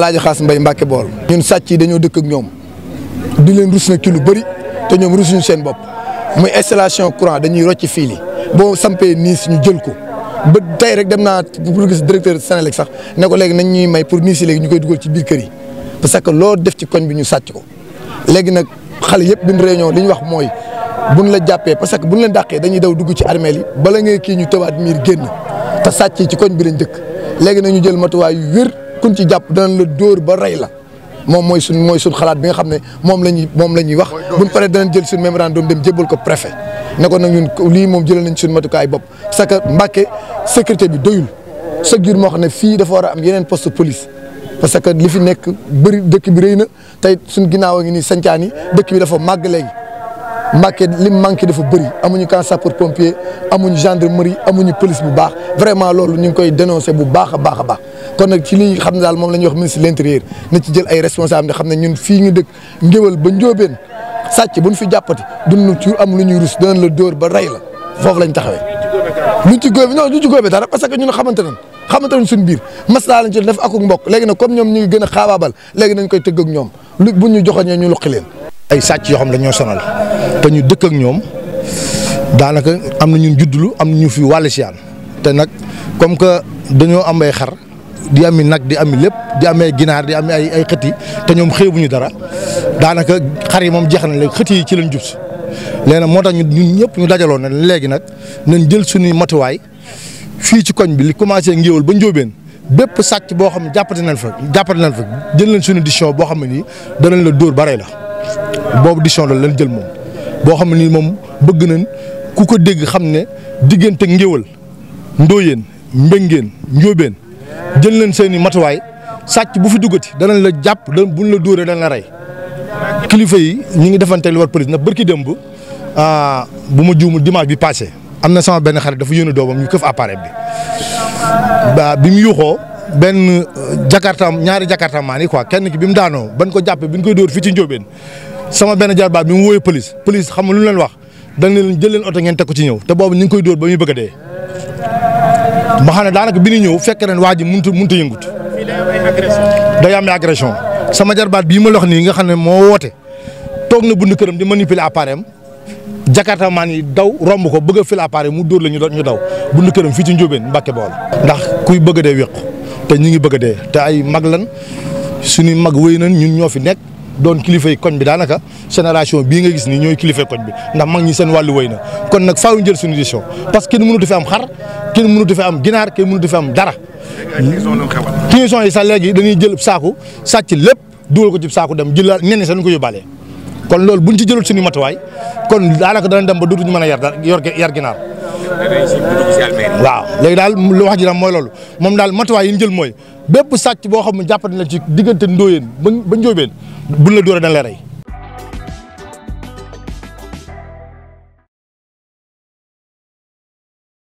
alaaji xaas mbay mbàkke bool ñun sàcc yi dañoo dëkk ak ñoom di leen rus nag kii lu bëri te ñoom rusuñu seen bopp muy installation courant dañuy rocci fii boo sampee niis ñu jël ko ba tey rek dem naa pour gis directeur Sénélec sax ne ko léegi nañ ñuy may pour niis yi léegi ñu koy dugal ci biir kër yi parce que loo def ci koñ bi ñu sàcc ko léegi nag xale yëpp bi ñu réunion li ñu wax mooy bu nu la jàppee parce bu buñ leen dàqee dañuy daw dugg ci armeel yi bala ngay kii ñu tëwaat miir génn te sàcc yi ci koñ bi lañ dëkk léegi nag ñu jël matuwaay yu wér kuñ ci jàpp danañ la dóor ba rey la moom mooy suñ mooy suñ xalaat bi nga xam ne moom la ñuy moom la ñuy wax buñ paree danañ jël suñ mémorandum dem jébbal ko préfet ne ko nag ñun lii moom jëlee nañ suñ matukaay bopp parce que Mbàkke sécurité bi doyul chaque jour moo xam ne fii dafa war a am yeneen poste police parce que li fi nekk bëri dëkk bi rëy na tey suñ ginnaaw a ngi nii sancaan yi dëkk bi dafa màgg léegi Mbàkke li manqué dafa bëri amuñu camp sapeur pompier amuñu gendarmerie amuñu police bu baax vraiment loolu ñu ngi koy dénoncé bu baax a baax a baax kon nag ci li xam ne daal moom lañu ñuy wax ministre de l'intérieur na ci jël ay responsabilités xam ne ñun fii ñu dëkk ngéwal ba njóobeen sàcc bu ñu fi jàppati duñu ci am lu ñuy rus danañ la dóor ba rey la foofu lañ taxawee. luñ ci góobee non luñ ci góobee dara parce que ñun xamante nañ xamante nañ suñu biir maslaa lañ ci def akuk mbokk léegi nag comme ñoom ñu ngi gën a xaabaabal léegi nañ koy tëgg ak ñoom lu buñ ñu joxoon ñu luqi leen. ay sàcc yoo xam dañ ñoo sonal te ñu dëkk ak ñoom daanaka am na ñun juddulu am na ñu fi wàll siyaan te nag comme que dañoo am bay xar di ami nag di ami lépp di amee ginaar di ami ay ay xët yi te ñoom xeebuñu dara daanaka xar yi moom jeex na léegi xët yi ci lañ jub si léegi nag moo tax ñun ñëpp ñu dajaloon na léegi nag nañ jël suñuy matuwaay fii ci koñ bi li commencé ngéewal ba njóobeen bépp sàcc boo xam ne jàppati nañ fa jàppati nañ fa jël nañ suñu décision boo xam ne nii danañ la dóor bare la boobu décision la lañ jël moom. boo xam nii moom bëgg nañ ku ko dégg xam ne diggante ngéewal ndóoyeen mbéngeen njóobeen jël leen seen i matuwaay sàcc bu fi duggati danañ la jàpp bu buñ la dóoree danañ la rey kilifa yi ñu ngi defante lu war police ndax bërki démb ah, bu ma juumul dimanche bi passé am na sama benn xarit dafa yónni doomam ñu këf appareil bi ba bi mu yuuxoo benn euh, jakartaam ñaari jakartaam maa ni quoi kenn ki bi mu daanoo ban ko jàppee bi ñu koy dóor fii ci Njóobeen sama benn jarbaat bi mu wóoyee police police xam lu leen wax dañ leen jël leen oto ngeen teg ko ci ñëw te boobu ñu ngi koy dóor ba muy bëgg a dee ma xam ne daanaka bi ñu ñëw fekk ren waa ji mënut a mënut a yëngut. day am agression sama jarbaat bii ma lox nii nga xam ne moo woote toog na bund këram di manipuler appareil am jakarta maan yi daw romb ko bëgg a fil appareil mu dóor la ñu daw bund këram fii ci Ndiobène Mbacke Baol. ndax kuy bëgg a dee wéqu te ñu ngi bëgg dee te ay mag lan sunuy mag wéy nañ ñun ñoo fi nekk. doon kilifay koñ bi daanaka génération bii nga gis ni ñooy kilifa koñ bi ndax mag ñi seen wàllu wéy na kon nag faaw jël suñu parce que kenn mënatu fi am xar kenn mënu di fi am ginaar kenn mënu di fi am dara. prison yi sax léegi dañuy jël saaku sàcc lépp dugal ko ci saaku dem jëlaat ñenn sax dañ ko yóbbaale. kon loolu buñ ci jëlul suñu matuwaay kon daanaka dana dem ba dootuñu mën a yar yor yar ginaar. waaw léegi daal lu wax ji nag mooy loolu moom daal matuwaay yi ñu jël mooy bépp sàcc boo xam ne jàpp na la ci diggante ndóoyeen ba ba njóobeen bu la dóoree dañ la rey